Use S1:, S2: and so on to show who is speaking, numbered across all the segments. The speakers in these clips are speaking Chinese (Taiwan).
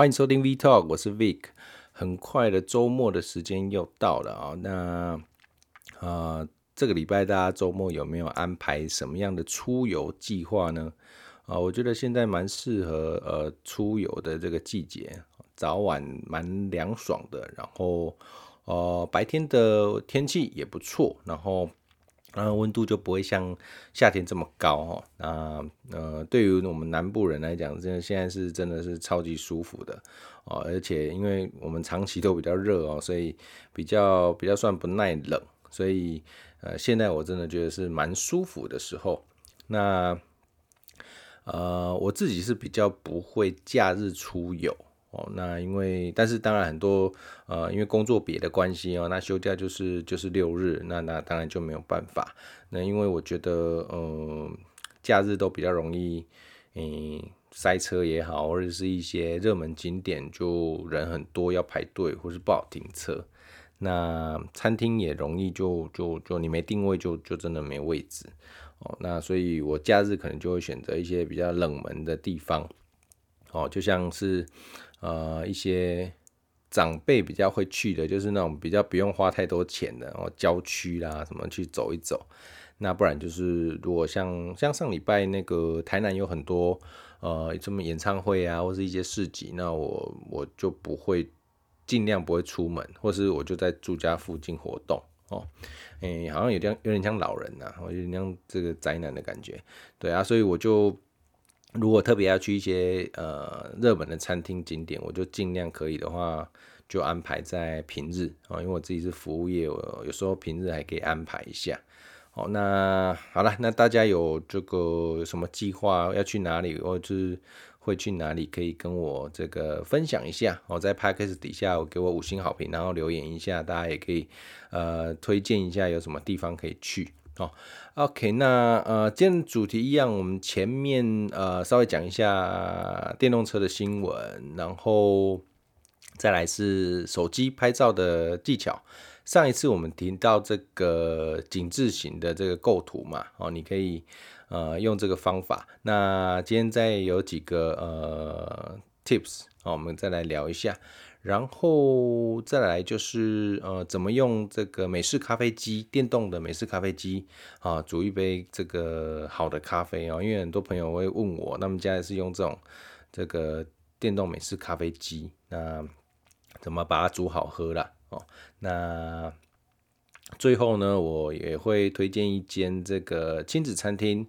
S1: 歡迎收聽 V Talk，我是 Vic。很快的週末的時間又到了啊，那啊、呃，這個禮拜大家週末有沒有安排什麼樣的出遊計劃呢？啊、呃，我覺得現在蠻適合呃出遊的這個季節，早晚蠻涼爽的，然後呃白天的天氣也不錯，然後。然後溫度就不會像夏天這麼高哦。啊，呃，對於我們南部人來講，真的現在是真的是超級舒服的哦。而且因為我們長期都比較熱哦，所以比較比較算不耐冷，所以呃，現在我真的覺得是蠻舒服的時候。那呃，我自己是比較不會假日出遊。哦，那因為，但是當然很多，呃，因為工作別的關係哦、喔，那休假就是就是六日，那那當然就沒有辦法。那因為我覺得，嗯、呃，假日都比較容易，嗯、欸，塞車也好，或者是一些熱門景點就人很多要排隊，或是不好停車。那餐廳也容易就就就，就你沒定位就就真的沒位置。哦、喔，那所以我假日可能就會選擇一些比較冷門的地方。哦、喔，就像是。呃，一些長輩比較會去的，就是那種比較不用花太多錢的，喔、郊區啦，什麼去走一走。那不然就是，如果像像上禮拜那個台南有很多呃什麼演唱會啊，或是一些市集，那我我就不會盡量不會出門，或是我就在住家附近活動哦。誒、喔欸，好像有點有點像老人吶、啊，有點像這個宅男的感覺。對啊，所以我就。如果特別要去一些呃熱門的餐廳景點，我就盡量可以的話，就安排在平日啊、哦，因為我自己是服務業，我有時候平日還可以安排一下。哦，那好了，那大家有這個有什麼計劃要去哪裡，或者是會去哪裡，可以跟我這個分享一下。我、哦、在 Podcast 底下我給我五星好評，然後留言一下，大家也可以呃推薦一下有什麼地方可以去。好、oh，OK，那呃，今天的主題一樣，我們前面呃稍微講一下電動車的新聞，然後再來是手機拍照的技巧。上一次我們提到這個井字形的這個構圖嘛，哦，你可以呃用這個方法。那今天再有幾個呃 tips，哦，我們再來聊一下。然後再來就是呃，怎麼用這個美式咖啡機，電動的美式咖啡機啊，煮一杯這個好的咖啡哦，因為很多朋友會問我，他們家是用這種這個電動美式咖啡機，那怎麼把它煮好喝啦哦？那最後呢，我也會推薦一間這個親子餐廳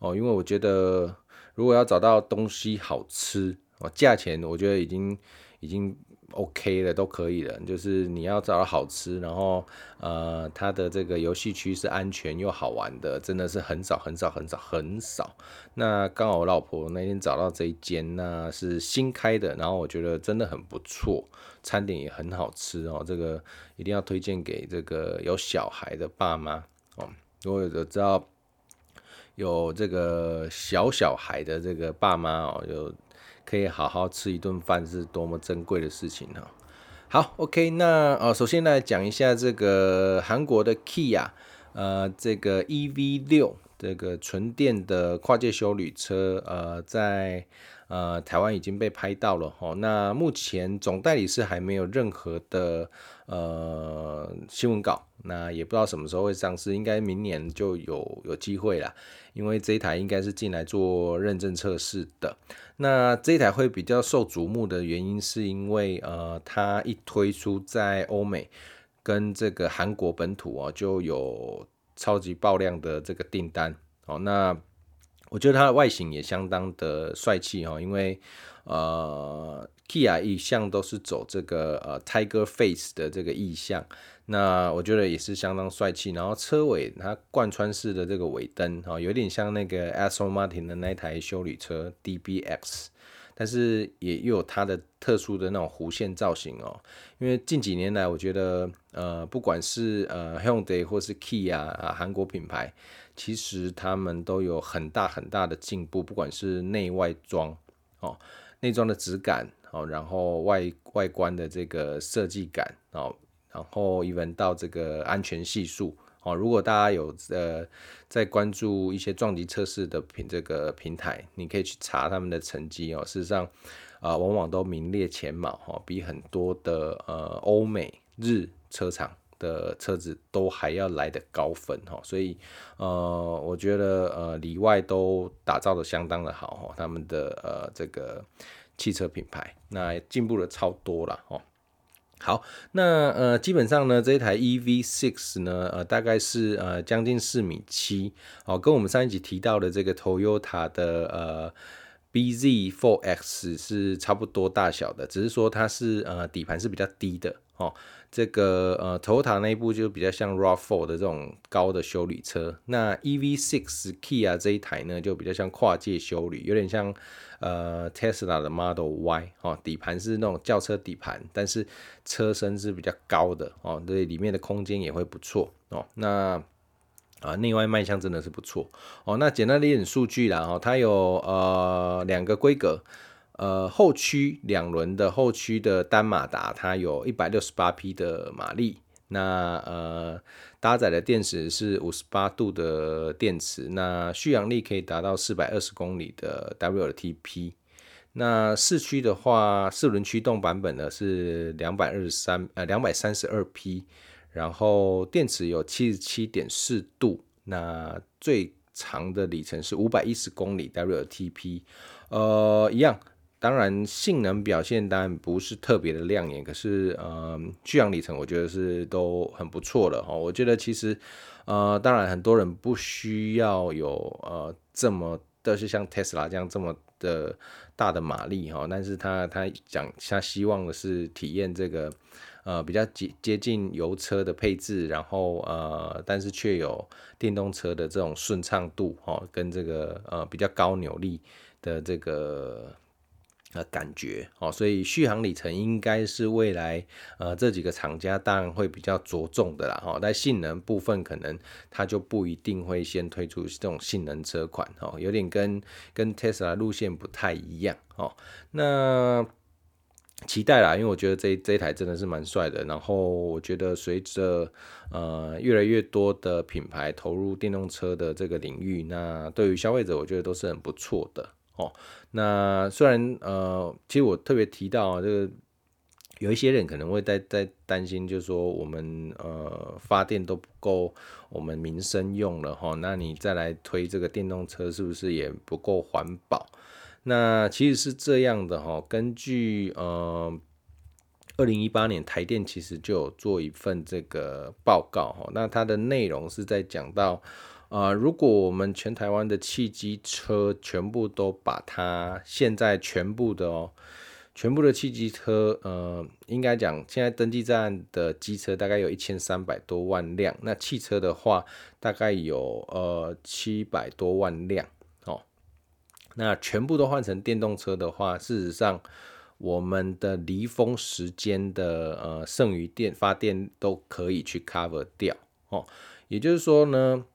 S1: 哦，因為我覺得如果要找到東西好吃哦，價錢我覺得已經已經。OK 的都可以的，就是你要找到好吃，然後呃，它的這個遊戲區是安全又好玩的，真的是很少很少很少很少。那剛好我老婆那天找到這一間呢，那是新開的，然後我覺得真的很不錯，餐點也很好吃哦。這個一定要推薦給這個有小孩的爸媽哦，如果有知道有這個小小孩的這個爸媽哦，有。可以好好吃一頓飯，是多麼珍貴的事情呢？好，OK，那呃，首先來講一下這個韓國的 Kia，呃，這個 EV 六這個純電的跨界休旅車，呃，在呃台灣已經被拍到了吼。那目前總代理是還沒有任何的。呃，新聞稿，那也不知道什麼時候會上市，應該明年就有有機會啦。因為這一台應該是進來做認證測試的。那這一台會比較受矚目的原因，是因為呃，它一推出在歐美跟這個韓國本土哦，就有超級爆量的這個訂單。好、哦，那我覺得它的外形也相當的帥氣哦，因為呃。KIA 啊，一向都是走這個呃 Tiger Face 的這個意象，那我覺得也是相當帥氣。然後車尾它貫穿式的這個尾燈哦，有點像那個 Aston Martin 的那台休旅車 DBX，但是也又有它的特殊的那種弧線造型哦。因為近幾年來，我覺得呃不管是呃 Hyundai 或是 KIA 啊，啊，韓國品牌，其實他們都有很大很大的進步，不管是內外裝哦。內裝的質感哦，然後外外觀的這個設計感哦，然後 even 到這個安全係數哦，如果大家有呃在關注一些撞擊測試的平這個平台，你可以去查他們的成績哦。事實上，啊、呃，往往都名列前茅哈，比很多的呃歐美日車廠。的車子都還要來的高分哦，所以呃，我覺得呃裡外都打造的相當的好哦。他們的呃這個汽車品牌那進步了超多了哦。好，那呃基本上呢，這一台 EV6 呢，呃大概是呃將近四米七哦，跟我們上一集提到的這個 Toyota 的呃 BZ4X 是差不多大小的，只是說它是呃底盤是比較低的哦。這個呃，Toyota 那一部就比較像 Rav4 的這種高的休旅車，那 EV6 Kia 這一台呢，就比較像跨界休旅，有點像呃 Tesla 的 Model Y 哦，底盤是那種轎車底盤，但是車身是比較高的哦，對，裡面的空間也會不錯哦。那啊，內外賣相真的是不錯哦。那簡單一點數據啦哈、哦，它有呃兩個規格。呃，後驅兩輪的後驅的單馬達，它有168匹的馬力。那呃，搭載的電池是58度的電池，那續航力可以達到420公里的 WLTP。那四驅的話，四輪驅動版本呢是223呃232匹，23 p, 然後電池有77.4度，那最長的里程是510公里 WLTP。呃，一樣。當然，性能表現當然不是特別的亮眼，可是呃，續航里程我覺得是都很不錯的哈。我覺得其實呃，當然很多人不需要有呃這麼都是像特斯拉這樣這麼的大的馬力哈、哦，但是他他講他希望的是體驗這個呃比較接接近油車的配置，然後呃，但是卻有電動車的這種順暢度哈、哦，跟這個呃比較高扭力的這個。感覺哦，所以續航里程應該是未來呃這幾個廠家當然會比較着重的啦，哦，但性能部分可能它就不一定會先推出這種性能車款，哦，有點跟跟 Tesla 路線不太一樣，哦。那期待啦，因為我覺得這這一台真的是蠻帥的，然後我覺得隨着呃越來越多的品牌投入電動車的這個領域，那對於消費者我覺得都是很不錯的。哦，那雖然呃，其實我特別提到這個，有一些人可能會在在擔心，就是說我們呃發電都不夠我們民生用了哈、哦，那你再來推這個電動車，是不是也不夠環保？那其實是這樣的哈、哦，根據呃二零一八年台電其實就有做一份這個報告哈、哦，那它的內容是在講到，啊、呃，如果我們全台灣的汽機車全部都把它現在全部的哦，全部的汽機車，呃，應該講，現在登記在案的機車大概有一千三百多萬輛，那汽車的話大概有呃七百多萬輛哦。那全部都換成電動車的話，事實上我們的離峰時間的呃剩餘電發電都可以去 cover 掉哦，也就是說呢。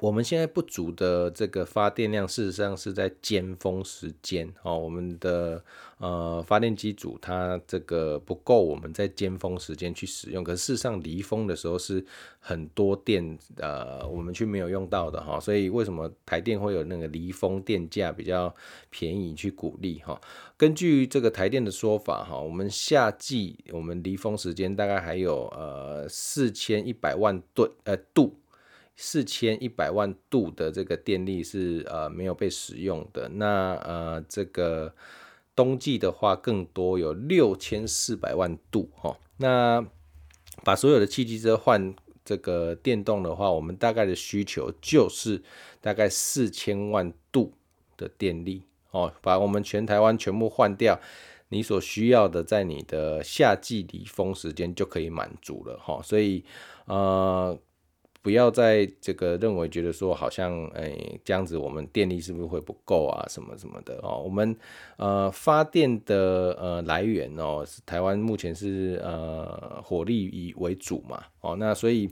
S1: 我們現在不足的這個發電量，事實上是在尖峰時間哦，我們的呃發電機組它這個不夠，我們在尖峰時間去使用，可事實上離峰的時候是很多電呃，我們去沒有用到的哈，所以為什麼台電會有那個離峰電價比較便宜去鼓勵哈？根據這個台電的說法哈，我們夏季我們離峰時間大概還有呃四千一百萬噸呃度。四千一百萬度的這個電力是呃沒有被使用的。那呃這個冬季的話，更多有六千四百萬度哈、哦。那把所有的汽機車換這個電動的話，我們大概的需求就是大概四千萬度的電力哦。把我們全台灣全部換掉，你所需要的在你的夏季離峰時間就可以滿足了哈、哦。所以呃。不要再這個認為覺得說好像誒、欸、這樣子，我們電力是不是會不夠啊？什麼什麼的哦、喔，我們呃發電的呃來源哦、喔，台灣目前是呃火力以為主嘛，哦、喔，那所以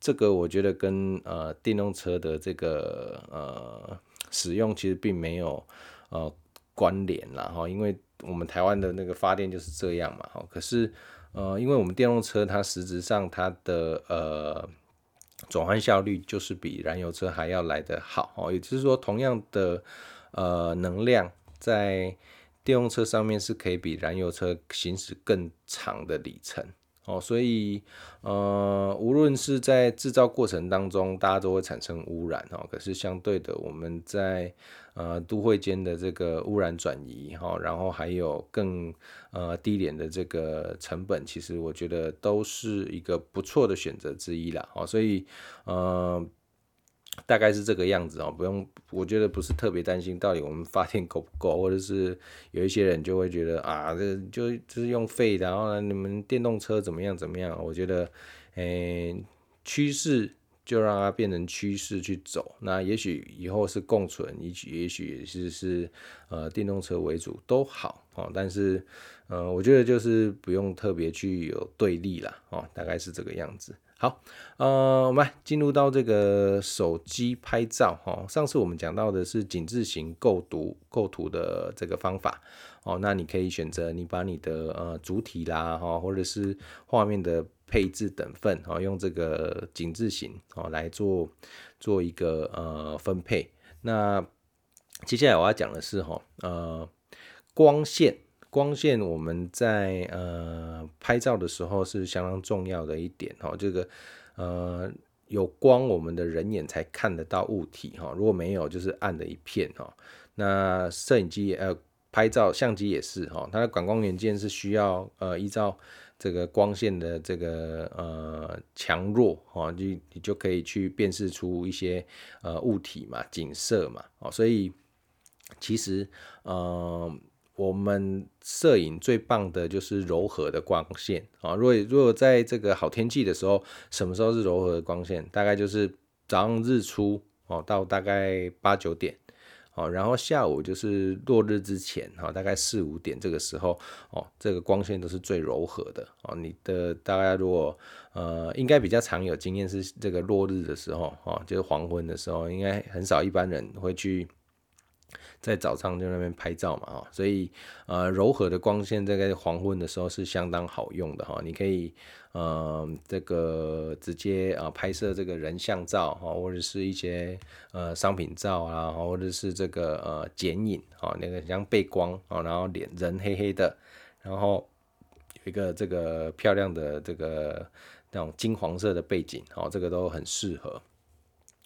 S1: 這個我覺得跟呃電動車的這個呃使用其實並沒有呃關聯啦哈、喔，因為我們台灣的那個發電就是這樣嘛，好、喔，可是呃，因為我們電動車它實質上它的呃。轉換效率就是比燃油車還要來得好哦，也就是說，同樣的呃能量在電動車上面是可以比燃油車行駛更長的里程哦，所以呃，無論是在製造過程當中，大家都會產生汙染哦，可是相對的，我們在呃，都會間的這個污染轉移，哈、哦，然後還有更呃低廉的這個成本，其實我覺得都是一個不錯的選擇之一了，哦，所以呃大概是這個樣子哦，不用，我覺得不是特別擔心到底我們發電夠不夠，或者是有一些人就會覺得啊，這就就是用廢的，然後你們電動車怎麼樣怎麼樣，我覺得，哎，趨勢。就讓它變成趨勢去走，那也許以後是共存，也許也許也是是呃電動車為主都好哦，但是呃我覺得就是不用特別去有對立了哦，大概是這個樣子。好，呃，我們進入到這個手機拍照哈、哦，上次我們講到的是井字型構圖構圖的這個方法哦，那你可以選擇你把你的呃主體啦哈，或者是畫面的。配置等分，用這個井字型來做做一個呃分配。那接下來我要講的是哈呃光線，光線我們在呃拍照的時候是相當重要的一點哈，這個呃有光我們的人眼才看得到物體哈，如果沒有就是暗的一片哈，那攝影機呃拍照相機也是哈，它的感光元件是需要呃依照。這個光線的這個呃強弱哈，你，哦，你就可以去辨識出一些呃物體嘛、景色嘛，哦，所以其實呃我們攝影最棒的就是柔和的光線啊，哦。如果如果在這個好天氣的時候，什麼時候是柔和的光線？大概就是早上日出哦，到大概八九點。哦，然後下午就是落日之前，哈，大概四五點這個時候，哦，這個光線都是最柔和的，哦，你的大概如果，呃，應該比較常有經驗是這個落日的時候，就是黃昏的時候，應該很少一般人會去在早上在那邊拍照嘛，所以，呃，柔和的光線在黃昏的時候是相當好用的，哈，你可以。呃，這個直接啊、呃、拍攝這個人像照啊，或者是一些呃商品照啊，或者是這個呃剪影啊、哦，那個像背光啊、哦，然後臉人黑黑的，然後有一個這個漂亮的這個那種金黃色的背景哦，這個都很適合。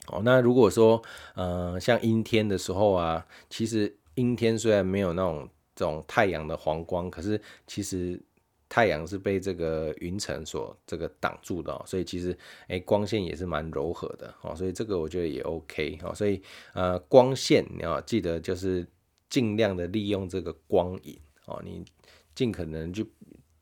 S1: 哦，那如果說嗯、呃、像陰天的時候啊，其實陰天雖然沒有那種這種太陽的黃光，可是其實。太陽是被這個雲層所這個擋住的哦，所以其實哎、欸、光線也是蠻柔和的哦，所以這個我覺得也 OK 哦，所以呃光線你要記得就是盡量的利用這個光影哦，你盡可能就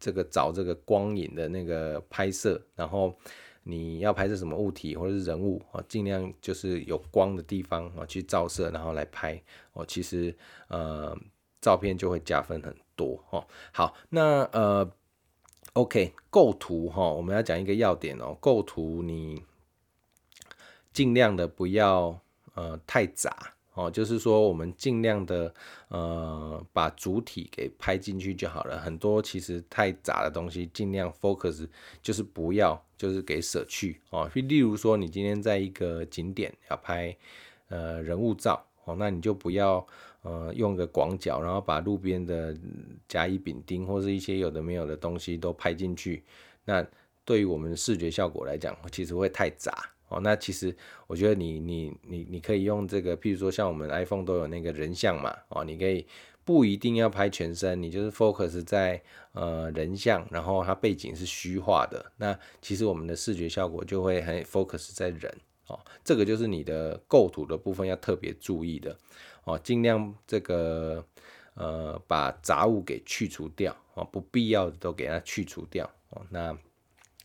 S1: 這個找這個光影的那個拍攝，然後你要拍攝什麼物體或者是人物哦，盡量就是有光的地方哦去照射，然後來拍哦，其實呃照片就會加分很多。多哦，好，那呃，OK 構圖哦，我們要講一個要點哦，構圖你盡量的不要呃太雜哦，就是說我們盡量的呃把主體給拍進去就好了，很多其實太雜的東西盡量 focus，就是不要就是給舍去哦，例如說你今天在一個景點要拍呃人物照。哦，那你就不要，呃，用個廣角，然後把路邊的甲乙丙丁或是一些有的沒有的東西都拍進去，那對於我們的視覺效果來講，其實會太雜。哦，那其實我覺得你你你你可以用這個，譬如說像我們 iPhone 都有那個人像嘛，哦，你可以不一定要拍全身，你就是 focus 在呃人像，然後它背景是虛化的，那其實我們的視覺效果就會很 focus 在人。哦，這個就是你的構圖的部分要特別注意的哦，儘量這個呃把雜物給去除掉哦，不必要的都給它去除掉哦，那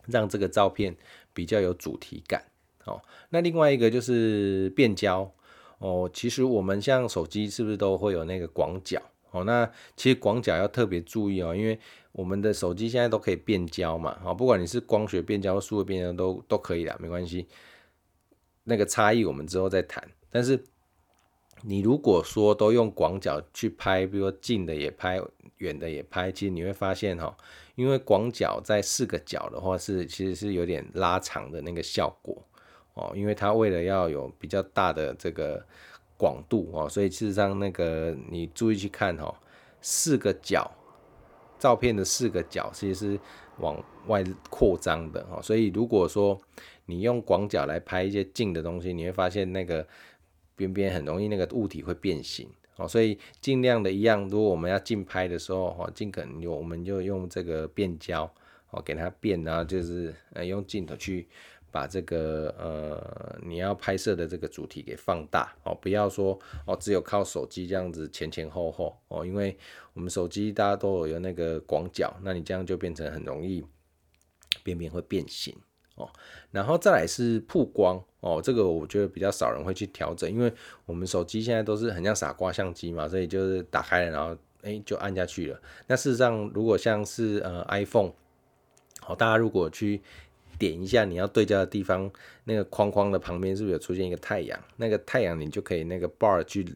S1: 讓這個照片比較有主題感哦。那另外一個就是變焦哦，其實我們像手機是不是都會有那個廣角哦？那其實廣角要特別注意哦，因為我們的手機現在都可以變焦嘛，啊、哦，不管你是光學變焦或數位變焦都都可以啦，沒關係。那個差異我們之後再談，但是你如果說都用廣角去拍，比如說近的也拍，遠的也拍，其實你會發現哈、喔，因為廣角在四個角的話是其實是有點拉長的那個效果哦、喔，因為它為了要有比較大的這個廣度哦、喔，所以事實上那個你注意去看哈、喔，四個角照片的四個角其實是。往外擴張的哈，所以如果說你用廣角來拍一些近的東西，你會發現那個邊邊很容易那個物體會變形哦，所以盡量的一樣，如果我們要近拍的時候，盡可能我們就用這個變焦哦，給它變，然後就是呃用鏡頭去。把這個呃你要拍攝的這個主題給放大哦，不要說哦只有靠手機這樣子前前後後哦，因為我們手機大家都有那個廣角，那你這樣就變成很容易邊邊會變形哦。然後再來是曝光哦，這個我覺得比較少人會去調整，因為我們手機現在都是很像傻瓜相機嘛，所以就是打開了然後誒、欸、就按下去了。那事實上如果像是呃 iPhone，好、哦、大家如果去。點一下你要對焦的地方，那個框框的旁邊是不是有出現一個太陽？那個太陽你就可以那個 bar 去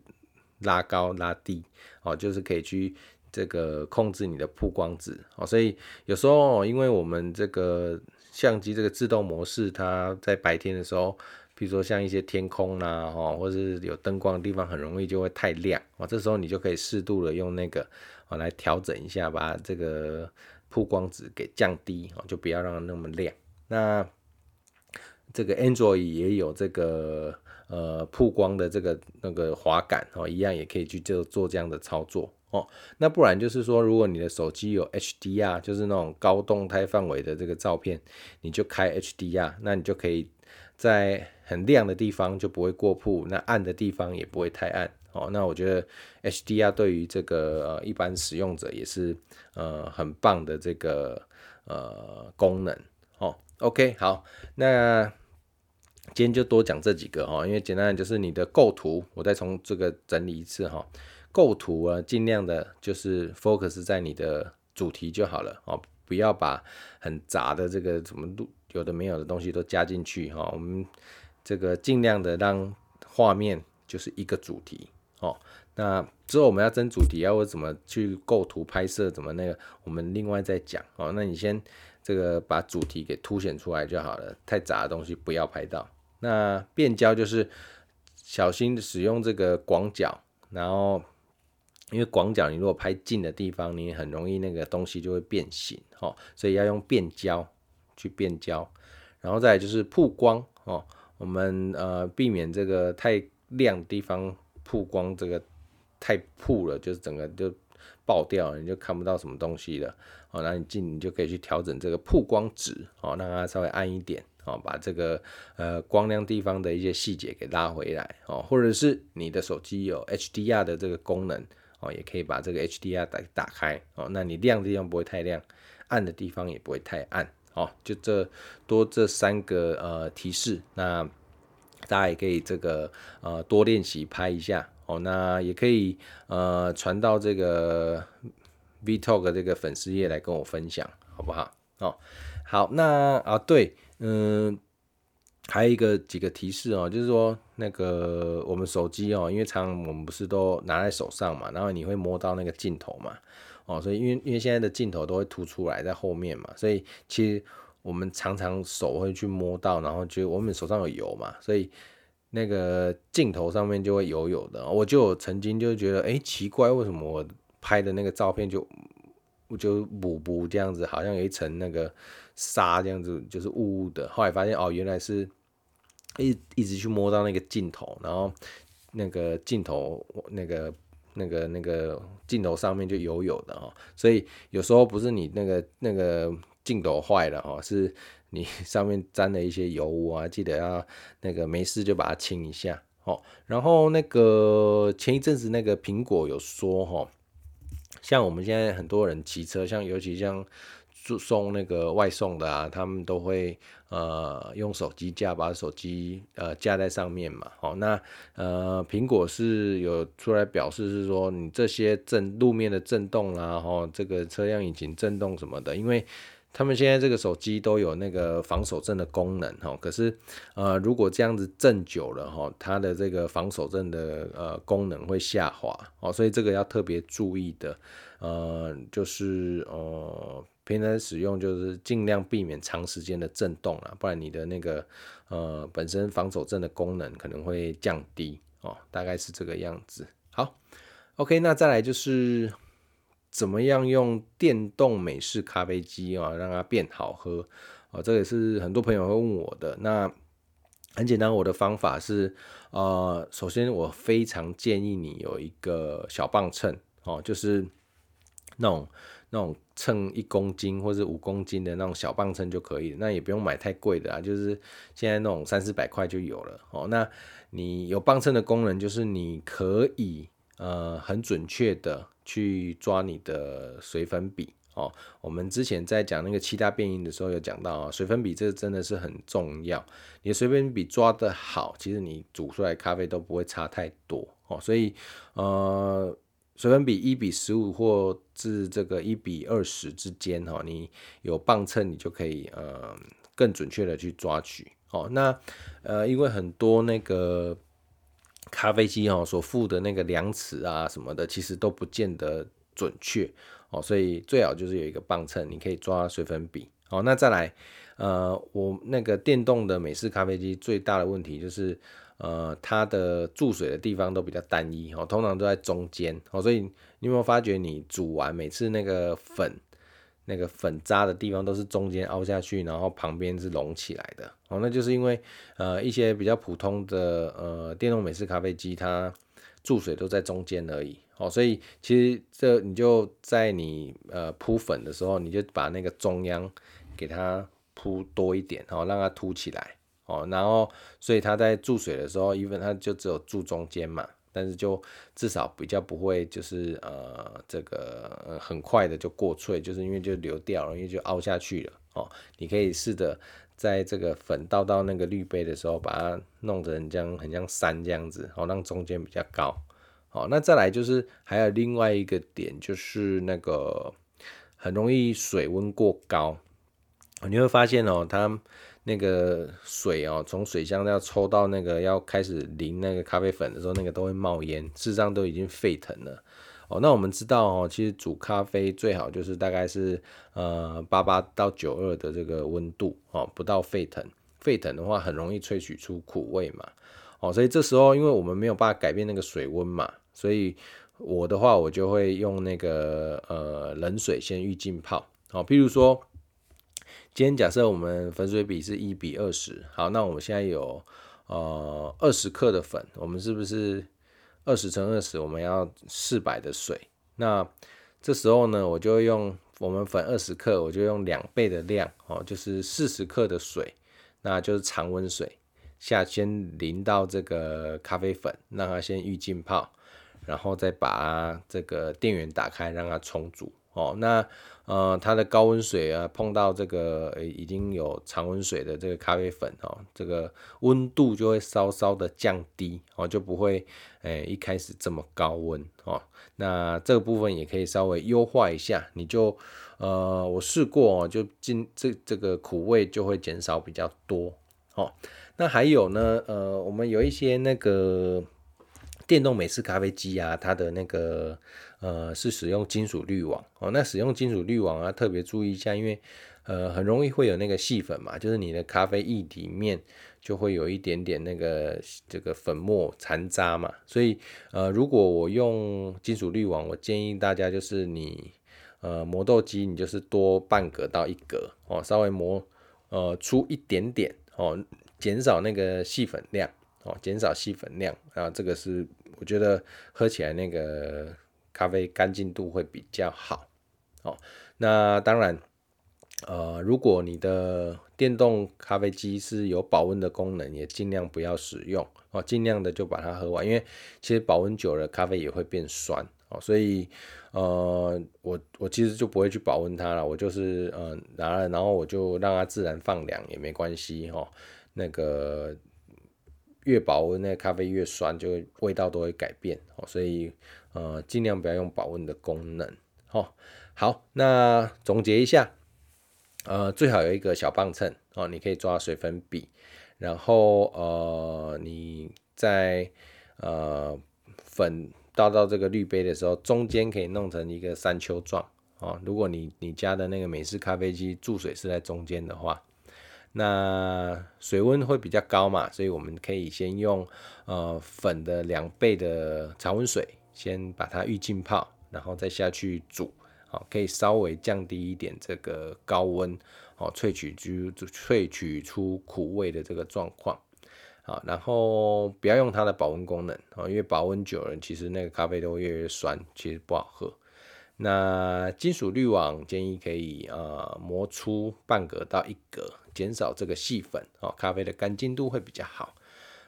S1: 拉高拉低，哦，就是可以去這個控制你的曝光值哦。所以有時候因為我們這個相機這個自動模式，它在白天的時候，比如說像一些天空啦，哦，或者是有燈光的地方，很容易就會太亮哦。這時候你就可以適度的用那個哦來調整一下，把這個曝光值給降低哦，就不要讓它那麼亮。那這個 Android 也有這個呃曝光的這個那個滑桿哦，一樣也可以去做做這樣的操作哦。那不然就是說，如果你的手機有 HDR，就是那種高動態範圍的這個照片，你就開 HDR，那你就可以在很亮的地方就不會過曝，那暗的地方也不會太暗哦。那我覺得 HDR 對於這個呃一般使用者也是呃很棒的這個呃功能。OK，好，那今天就多講這幾個哈，因為簡單就是你的構圖，我再從這個整理一次哈。構圖啊，盡量的就是 focus 在你的主題就好了哦，不要把很雜的這個什麼有的沒有的東西都加進去哈。我們這個盡量的讓畫面就是一個主題哦。那之後我們要爭主題啊，或者怎麼去構圖拍攝，怎麼那個，我們另外再講哦。那你先。這個把主題給凸顯出來就好了，太雜的東西不要拍到。那變焦就是小心使用這個廣角，然後因為廣角你如果拍近的地方，你很容易那個東西就會變形哦，所以要用變焦去變焦。然後再來就是曝光哦，我們呃避免這個太亮的地方曝光這個太曝了，就是整個就爆掉了，你就看不到什麼東西了。哦，那你進你就可以去調整這個曝光值，哦，讓它稍微暗一點，哦，把這個呃光亮地方的一些細節給拉回來，哦，或者是你的手機有 HDR 的這個功能，哦，也可以把這個 HDR 打打開，哦，那你亮的地方不會太亮，暗的地方也不會太暗，哦，就這多這三個呃提示，那大家也可以這個呃多練習拍一下，哦，那也可以呃傳到這個。Vtalk 這個粉絲頁來跟我分享好不好？哦，好，那啊，對，嗯，還有一個幾個提示哦，就是說那個我們手機哦，因為常常我們不是都拿在手上嘛，然後你會摸到那個鏡頭嘛，哦，所以因為因為現在的鏡頭都會凸出來在後面嘛，所以其實我們常常手會去摸到，然後就我們手上有油嘛，所以那個鏡頭上面就會油油的。我就曾經就覺得，哎、欸，奇怪，為什麼我？拍的那個照片就，我就模糊這樣子，好像有一層那個沙這樣子，就是霧霧的。後來發現哦，原來是一一直去摸到那個鏡頭，然後那個鏡頭那個那個那個鏡頭上面就油油的哦。所以有時候不是你那個那個鏡頭壞了哦，是你上面沾了一些油污啊。記得要那個沒事就把它清一下哦。然後那個前一陣子那個蘋果有說哈。像我們現在很多人騎車，像尤其像送那個外送的啊，他們都會呃用手機架把手機呃架在上面嘛。吼，那呃蘋果是有出來表示是說，你這些震路面的震動啊，吼這個車輛引擎震動什麼的，因為。他們現在這個手機都有那個防手震的功能，哦，可是，呃，如果這樣子震久了，哈，它的這個防手震的呃功能會下滑，哦，所以這個要特別注意的，呃，就是呃，平常使用就是盡量避免長時間的震動了，不然你的那個呃本身防手震的功能可能會降低，哦，大概是這個樣子。好，OK，那再來就是。怎麼樣用電動美式咖啡機哦、啊，讓它變好喝哦，這也是很多朋友會問我的。那很簡單，我的方法是，呃，首先我非常建議你有一個小磅秤哦，就是那種那種秤一公斤或者五公斤的那種小磅秤就可以。那也不用買太貴的啊，就是現在那種三四百塊就有了哦。那你有磅秤的功能，就是你可以。呃，很準確的去抓你的水粉比哦。我們之前在講那個七大變因的時候，有講到啊，水粉比這個真的是很重要。你的水粉比抓得好，其實你煮出來咖啡都不會差太多哦。所以呃，水粉比一比十五或至這個一比二十之間哦，你有磅秤，你就可以呃更準確的去抓取。哦，那呃，因為很多那個，咖啡機哦，所附的那個量尺、啊什麼的，其實都不見得準確哦，所以最好就是有一個磅秤，你可以抓水粉比哦。好，那再來，呃，我那個電動的美式咖啡機最大的問題就是，呃，它的注水的地方都比較單一哦，通常都在中間哦，所以你有沒有發覺你煮完每次那個粉，那個粉渣的地方都是中間凹下去，然後旁邊是隆起來的。哦，那就是因為呃一些比較普通的呃電動美式咖啡機，它注水都在中間而已。哦，所以其實這你就在你呃鋪粉的時候，你就把那個中央給它鋪多一點，好，哦，讓它凸起來。哦，然後所以它在注水的時候，因為它就只有注中間嘛。但是就至少比較不會就是呃這個呃很快的就過萃，就是因為就流掉了，因為就凹下去了哦。你可以試着在這個粉倒到那個濾杯的時候，把它弄得很像很像山這樣子，好，哦，讓中間比較高。哦。那再來就是還有另外一個點，就是那個很容易水溫過高，你會發現哦它。那個水哦，從水箱要抽到那個要開始淋那個咖啡粉的時候，那個都會冒煙，事實上都已經沸騰了哦。那我們知道哦，其實煮咖啡最好就是大概是呃八八到九二的這個溫度哦，不到沸騰，沸騰的話很容易萃取出苦味嘛。哦，所以這時候因為我們沒有辦法改變那個水溫嘛，所以我的話我就會用那個呃冷水先預浸泡。好，哦，譬如說。今天假設我們粉水比是一比二十，好，那我們現在有呃二十克的粉，我們是不是二十乘二十，我們要四百的水？那這時候呢，我就用我們粉二十克，我就用兩倍的量哦，就是四十克的水，那就是常溫水，下先淋到這個咖啡粉，讓它先預浸泡，然後再把這個電源打開，讓它沖煮哦，那。呃，它的高溫水啊，碰到這個呃已經有常溫水的這個咖啡粉哦，這個溫度就會稍稍的降低哦，就不會誒一開始這麼高溫哦。那這個部分也可以稍微優化一下，你就呃我試過哦，就進這這個苦味就會減少比較多哦。那還有呢，呃，我們有一些那個。電動美式咖啡機啊，它的那個呃是使用金屬濾網哦。那使用金屬濾網啊，特別注意一下，因為呃很容易會有那個細粉嘛，就是你的咖啡液裡面就會有一點點那個這個粉末殘渣嘛。所以呃，如果我用金屬濾網，我建議大家就是你呃磨豆機你就是多半格到一格哦，稍微磨呃粗一點點哦，減少那個細粉量。哦，減少細粉量啊，這個是我覺得喝起來那個咖啡乾淨度會比較好。哦，那當然，呃，如果你的電動咖啡機是有保溫的功能，也盡量不要使用哦，盡量的就把它喝完，因為其實保溫久了，咖啡也會變酸哦。所以，呃，我我其實就不會去保溫它了，我就是嗯，呃，拿了，然後我就讓它自然放涼也沒關係哦。那個。越保溫，那個咖啡越酸，就味道都會改變哦。所以，呃，盡量不要用保溫的功能。好，哦，好，那總結一下，呃，最好有一個小磅秤哦，你可以抓水粉比，然後，呃，你在呃粉倒到這個濾杯的時候，中間可以弄成一個山丘狀哦。如果你你家的那個美式咖啡機注水是在中間的話。那水溫會比較高嘛，所以我們可以先用呃粉的兩倍的常溫水，先把它預浸泡，然後再下去煮，好，可以稍微降低一點這個高溫，好，哦，萃取出萃取出苦味的這個狀況，好，然後不要用它的保溫功能，哦，因為保溫久了，其實那個咖啡豆越來越酸，其實不好喝。那金屬濾網建議可以呃磨出半格到一格，減少這個細粉哦，咖啡的乾淨度會比較好。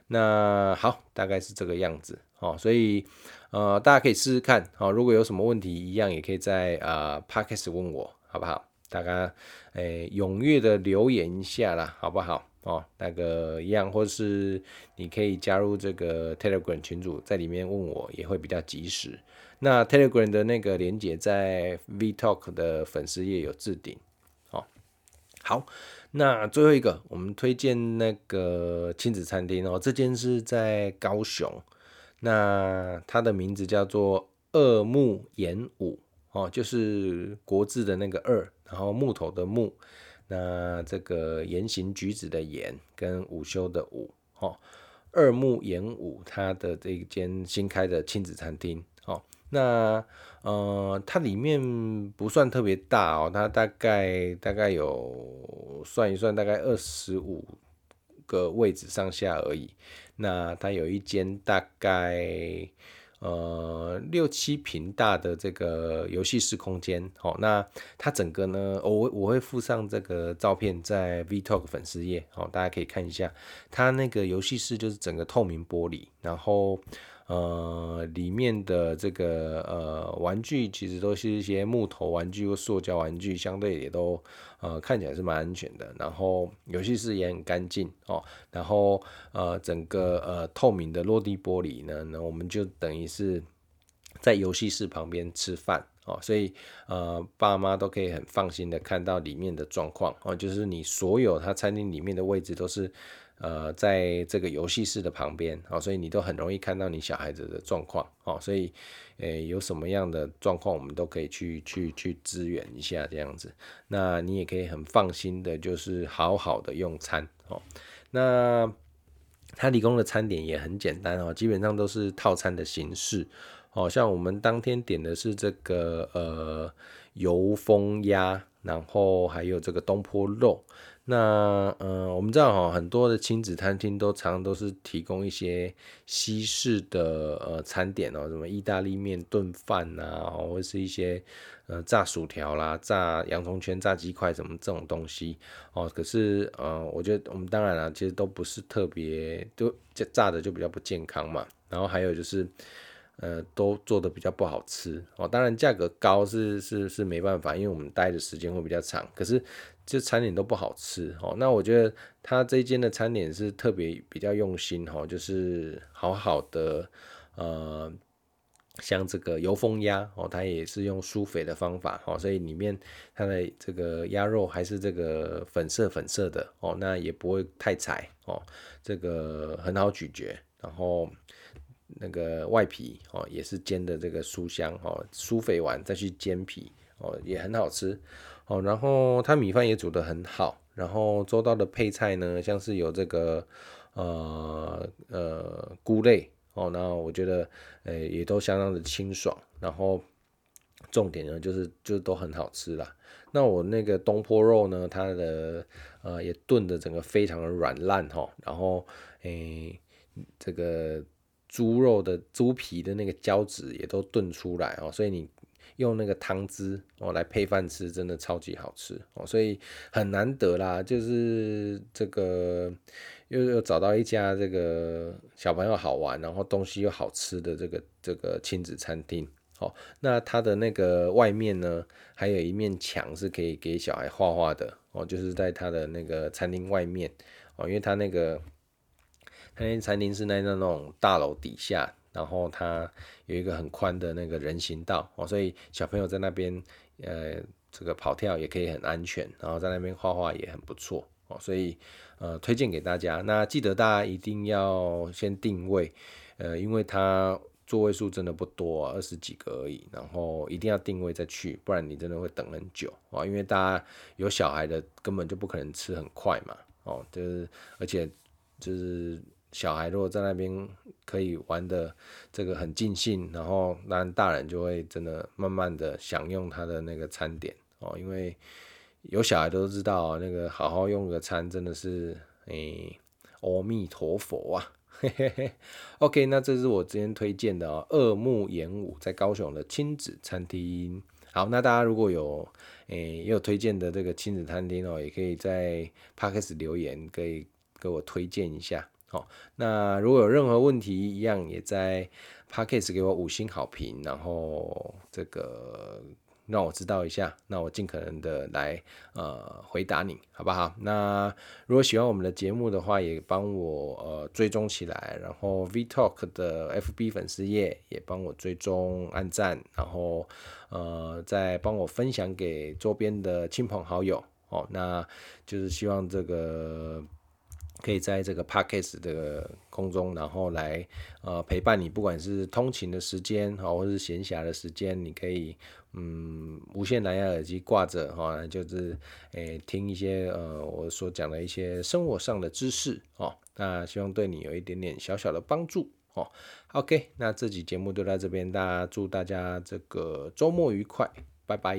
S1: 那好，大概是這個樣子哦，所以呃大家可以試試看哦，如果有什麼問題一樣也可以在呃 Podcast 問我好不好？大家誒、欸、踴躍的留言一下啦，好不好哦？那個一樣，或是你可以加入這個 Telegram 群組，在裡面問我也會比較及時。那 Telegram 的那個鏈接在 V Talk 的粉絲頁有置頂哦。好，那最後一個，我們推薦那個親子餐廳哦，這間是在高雄。那它的名字叫做二木言午哦，就是國字的那個二，然後木頭的木，那這個言行舉止的言跟午休的午哦，二木言午，它的這一間新開的親子餐廳。那呃，它裡面不算特別大哦，它大概大概有算一算大概二十五個位置上下而已。那它有一間大概呃六七平大的這個遊戲室空間，好、哦，那它整個呢，我我會附上這個照片在 Vtalk 粉絲頁，好、哦，大家可以看一下，它那個遊戲室就是整個透明玻璃，然後。呃，裡面的這個呃玩具其實都是一些木頭玩具或塑膠玩具，相對也都呃看起來是蠻安全的。然後遊戲室也很乾淨哦。然後呃，整個呃透明的落地玻璃呢，那我們就等於是在遊戲室旁邊吃飯哦，所以呃爸媽都可以很放心的看到裡面的狀況哦，就是你所有他餐廳裡面的位置都是。呃，在這個遊戲室的旁邊啊、喔，所以你都很容易看到你小孩子的狀況哦。所以，呃、欸，有什麼樣的狀況，我們都可以去去去支援一下這樣子。那你也可以很放心的，就是好好的用餐哦、喔。那他提供的餐點也很簡單哦、喔，基本上都是套餐的形式哦、喔，像我們當天點的是這個呃油封鴨，然後還有這個東坡肉。那呃，我們知道哈、哦，很多的親子餐廳都常都是提供一些西式的呃餐點哦，什麼意大利麵、燉飯啊、哦，或是一些呃炸薯條啦、炸洋蔥圈、炸雞塊什麼這種東西哦。可是呃，我覺得我們當然了、啊，其實都不是特別就炸的就比較不健康嘛。然後還有就是呃，都做的比較不好吃哦。當然價格高是是是沒辦法，因為我們待的時間會比較長，可是。就餐點都不好吃哦，那我覺得他這間的餐點是特別比較用心哦，就是好好的，呃，像這個油封鴨哦，它也是用舒肥的方法哦，所以裡面它的這個鴨肉還是這個粉色粉色的哦，那也不會太柴哦，這個很好咀嚼，然後那個外皮哦也是煎的這個酥香哦，舒肥完再去煎皮哦也很好吃。哦，然後它米飯也煮得很好，然後周到的配菜呢，像是有這個呃呃菇類哦，那我覺得誒、呃、也都相當的清爽，然後重點呢就是就是、都很好吃啦。那我那個東坡肉呢，它的呃也燉得整個非常的軟爛哈、哦，然後誒、呃、這個豬肉的豬皮的那個膠質也都燉出來哦，所以你。用那個湯汁哦，來配飯吃，真的超級好吃哦，所以很難得啦。就是這個，又又找到一家這個小朋友好玩，然後東西又好吃的這個這個親子餐廳哦。那它的那個外面呢，還有一面牆是可以給小孩畫畫的哦，就是在他的那個餐廳外面哦，因為他那個他那個餐廳是在那種大樓底下。然後它有一個很寬的那個人行道哦，所以小朋友在那邊呃、這個跑跳也可以很安全，然後在那邊畫畫也很不錯哦，所以呃推薦給大家。那記得大家一定要先定位，呃，因為它座位數真的不多，二十幾個而已。然後一定要定位再去，不然你真的會等很久啊，哦，因為大家有小孩的，根本就不可能吃很快嘛哦，就是而且就是。小孩如果在那邊可以玩的這個很盡興，然後那大人就會真的慢慢的享用他的那個餐點哦，因為有小孩都知道、哦、那個好好用個餐真的是誒、欸，阿彌陀佛啊。 OK，那這是我今天推薦的哦，惡木演武在高雄的親子餐廳。好，那大家如果有誒、欸、有推薦的這個親子餐廳哦，也可以在 Podcast 留言，可以給我推薦一下。好、哦，那如果有任何問題，一樣也在 Podcast 給我五星好評，然後這個讓我知道一下，那我盡可能的來呃回答你，好不好？那如果喜歡我們的節目的話，也幫我呃追蹤起來，然後 V Talk 的 FB 粉絲頁也幫我追蹤按讚，然後呃再幫我分享給周邊的親朋好友，哦，那就是希望這個。可以在這個 Podcast 的空中，然後來呃陪伴你，不管是通勤的時間，或是閒暇的時間，你可以嗯無線藍牙耳機掛着哈，就是誒、欸、聽一些呃我所講的一些生活上的知識哦，那希望對你有一點點小小的幫助哦。OK，那這集節目就到這邊，大家祝大家這個週末愉快，拜拜。